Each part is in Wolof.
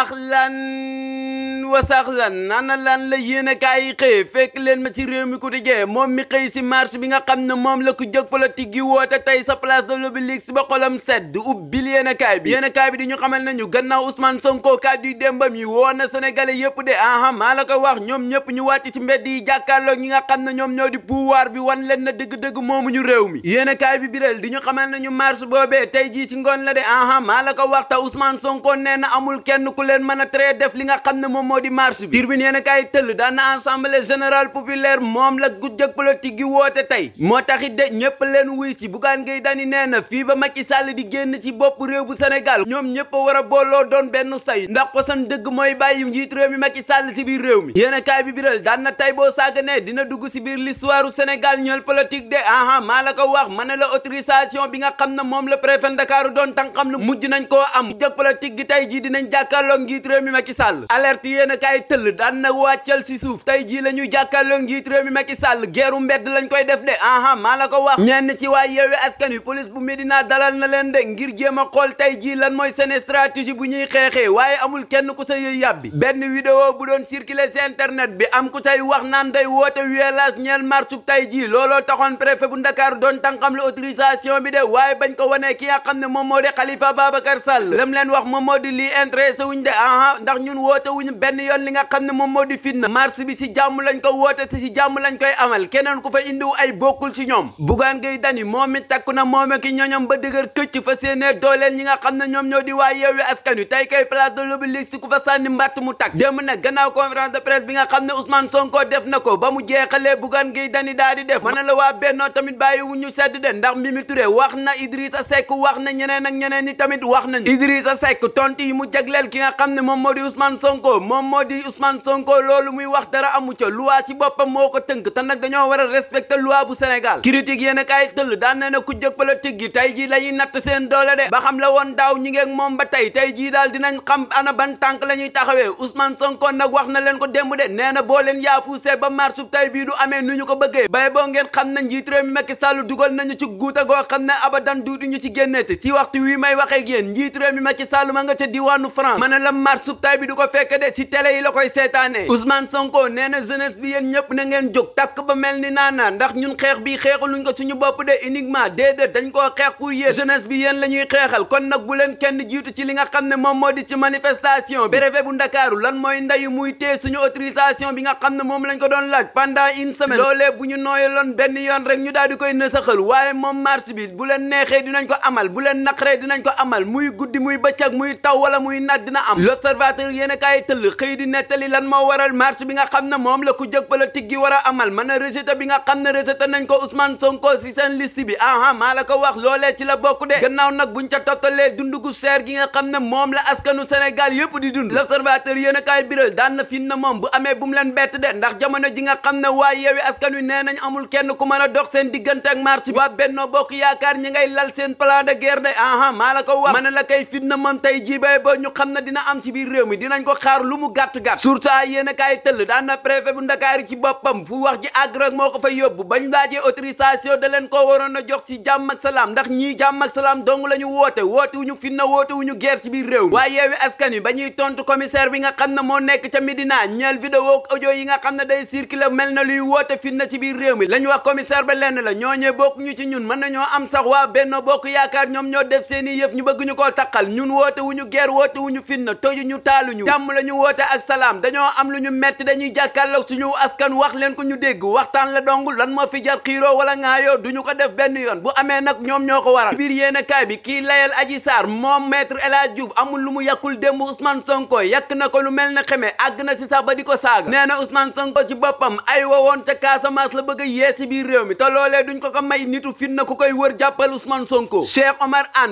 axlan wasaxlan nana lan la yéene kaay yi xëy fekk leen ma ci réew mi ku tijee moom mi xëy si marche bi nga xam ne moom la ko jóg politique yi woote tey sa place de l'Obélisque ba xolam sedd ubbil yéene kaay bi yéene kaay bi di ñu xamal nañu gannaaw Ousmane Sonko kàddu yu démbam yi woon na sénégalais yëpp de aha maa la koy wax ñoom ñëpp ñu wàcc ci mbedd yi jàkkaarloog ñi nga xam ne ñoom ñoo di pouvoir bi wan leen na dëgg-dëgg ñu réew mi yéene kaay bi biral di ñu xamal boobee tey jii ci ngoon la leen mën a tere def li nga xam ne moom moo di marche bi Tribune yéen a kaay tëll daan na assemblée générale populaire moom la gujjëk politique gi woote tey moo taxit de ñëpp leen wuy si Bougane Gueye Dany nee na fii ba Macky Sall di génn ci bopp réew bu Sénégal ñoom ñëpp a a booloo doon benn say ndax ko dëgg mooy bàyyi njiit réew mi Macky Sall si biir réew mi yéen a kaay bi biral daan na tey boo saaganee dina dugg si biir l'histoire Sénégal ñël politique de aha la ko wax ma ne la jàkkaarloog njiit réew mi Macky Sall alerte yéen a kaay tëll daan nag wàccal si suuf tey jii la ñuy jàkkaarloog njiit réew mi Macky Sall geeru mbedd lañ koy def de aha maa la ko wax ñenn ci waa yeewi askan wi police bu Médina dalal na leen de ngir jéem xool tey ji lan mooy seen stratégie bu ñuy xeexee waaye amul kenn ku sa yëy yàbbi benn vidéo bu doon circuler si internet bi am ku tey wax naan day woote wiyelaas ñeel marsu tey ji looloo taxoon préfet bu Ndakaaru doon tànqam la autorisation bi de waaye bañ ko wanee ki moo di Khalifa Babacar Sall lam leen wuñ de aha ndax ñun woote wuñ benn yoon li nga xam ne moom moo di fitna marche bi si jàmm lañ ko woote te si jàmm lañ koy amal keneen ku fa indiwu ay bokkul si ñoom Bougane Gueye Dany moom it takku na moome ki ñoñom ba dëgër këcc fa séenée ñi nga xam ne ñoom ñoo di waa Yewwi Askan Wi tey kay place de l'Obélisque ku fa sànni mu takk démb nag gannaaw conférence de presse bi nga xam ne Ousmane Sonko def na ko ba mu jeexalee Bougane Gueye Dany daa di def mën na la waa Benno tamit bàyyi wu ñu sedd de ndax Mimi Touré wax na Idrissa Seck wax na ñeneen ak ñeneen ni tamit wax nañu Idrissa Seck tontu yi mu jagleel ki nga xam ne moom moo di Ousmane Sonko moom moo di Ousmane Sonko loolu muy wax dara amu ca loi ci boppam moo ko tënk te nag dañoo war a respecter bu Sénégal critique yéen a kaay tëll daan na ne ku jëg politique gi tey jii la ñuy natt seen doole de ba xam la woon daaw ñi ngeeg moom ba tey tey jii daal dinañ xam ana ban tànk la taxawee Ousmane Sonko nag wax na leen ko démb de nee na boo leen yaafuusee ba marsu tey bii du amee nu ñu ko bëggee bay boo ngeen xam ne njiit réew mi Macky Sall dugal na la ko fekk de si la koy seetaane Ousmane Sonko nee na jeunesse bi yéen ñëpp na ngeen jóg takk ba mel ni naana ndax ñun xeex bi xeexaluñ ko suñu bopp de uniquement déedéet dañ koo xeex pour yéen jeunesse bi yéen la ñuy xeexal kon nag bu leen kenn jiitu ci li nga xam ne moom moo di ci manifestation préfet bu Ndakaaru lan mooy ndeyu muy tee suñu autorisation bi nga xam ne moom lañ ko doon laaj pendant une semaine loolee bu ñu nooyaloon benn yoon rek ñu daal di koy nësaxal waaye moom marche bi bu leen neexee dinañ ko amal bu leen naqaree dinañ ko amal muy guddi muy bëccëg muy taw wala muy naaj dina am l'observateur yéen a kaay tëll xëy di nettali lan moo waral marche bi nga xam ne moom la ku jëg politique gi war a amal mën a rejeté bi nga xam ne rejeté nañ ko Ousmane Sonko si seen liste bi aha maa la ko wax loolee ci la bokk de gannaaw nag buñ ca toptalee dund gu seer gi nga xam ne moom la askanu Sénégal yëpp di dund l'observateur yéen a biral daan na fin moom bu amee bu mu bett de ndax jamono ji nga xam ne waa yeewi askan nee nañ a dina am ci biir réew mi dinañ ko xaar lu mu gàtt-gàtt surtout yéen a kaay daan na préfet bu boppam fu wax ji àgg rek moo ko fa yóbbu bañ laajee autorisation da leen ko waroon a jox ci jàmm salaam ndax ñii jàmm ak salaam dong la ñu woote woote wuñu fitna woote wuñu guerre ci biir réew mi waaye yeewi askan wi ba ñuy tontu commissaire bi nga xam ne moo nekk ca Médina ñeel vidéo ak audio yi nga xam ne day circuler mel na luy woote fitna ci biir réew mi lañ wax commissaire ba lenn la ñooñee bokk ñu ci ñun mën nañoo am sax waa Benno Bokk Yaakaar ñoom ñoo def seeni yëf ñu bëgg ko taqal ñun woote wuñu guerre woote wuñu fitna génn tojuñu taaluñu jàmm la ñu woote ak salaam dañoo am lu ñu metti dañuy jàkkaarloog suñu askan wax leen ko ñu dégg waxtaan la dong lan moo fi jar xiiroo wala ŋaayoo duñu ko def benn yoon bu amee nag ñoom ñoo ko waral biir yéenakaay bi kii layal Adji Sarr moom maître El Hadji Diouf amul lu mu yàkkul démb Ousmane Sonko yàkk na ko lu mel ne xeme àgg na ci sax ba di ko saaga nee na Ousmane Sonko ci boppam ay wowoon ca Casamance la bëgg a yee si biir réew mi te loolee duñ ko ko may nitu fitna ku koy wër jàppal Ousmane Sonko Cheikh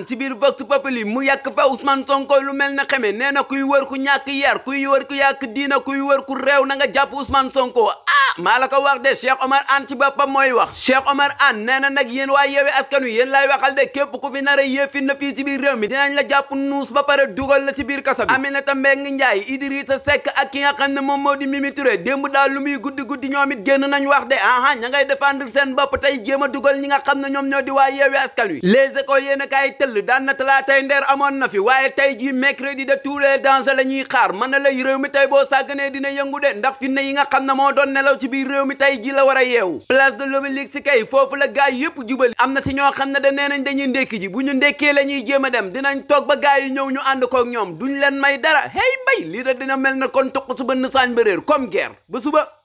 ci biir Vox Populi mu yàkk fa Ousmane Sonko lu mel ne xeme nee na kuy wër ku ñàkk yar kuy wër ku yàq diina kuy wër ku réew na ah, maa la ko wax de Cheikh Omar Anne ci boppam mooy wax Cheikh Omar Anne nee na nag yéen waa yewe askanu yéen lay waxal de képp ku fi na yee fi na fii ci biir réew mi dinañ la jàpp nuus ba pare dugal la ci biir kaso bi Aminata Mbengue Ndiaye Idrissa Seck ak ki nga xam ne moom moo di Mimi Touré démb daal lu guddi guddi ñoom it nañ wax de aha ña ngay défendre seen bopp tey jéem a dugal ñi nga xam ne ñoom ñoo di waa yewe askan wi les a tous les dangers la ñuy xaar mën na la réew mi tey boo sàgganee dina yëngu de ndax fitna yi nga xam ne moo doon nelaw ci biir réew mi tey ji la war a yeewu place de l'Obélisque si kay foofu la gaay yëpp jubali am na si ñoo xam ne da nee nañ dañuy ndékki ji bu ñu ndékkee la ñuy jéem a dem dinañ toog ba gaay yi ñëw ñu ànd kook ñoom duñ leen may dara hey mbay lii da dina mel na kon tuq suba nësaan ba réer comme guerre ba suba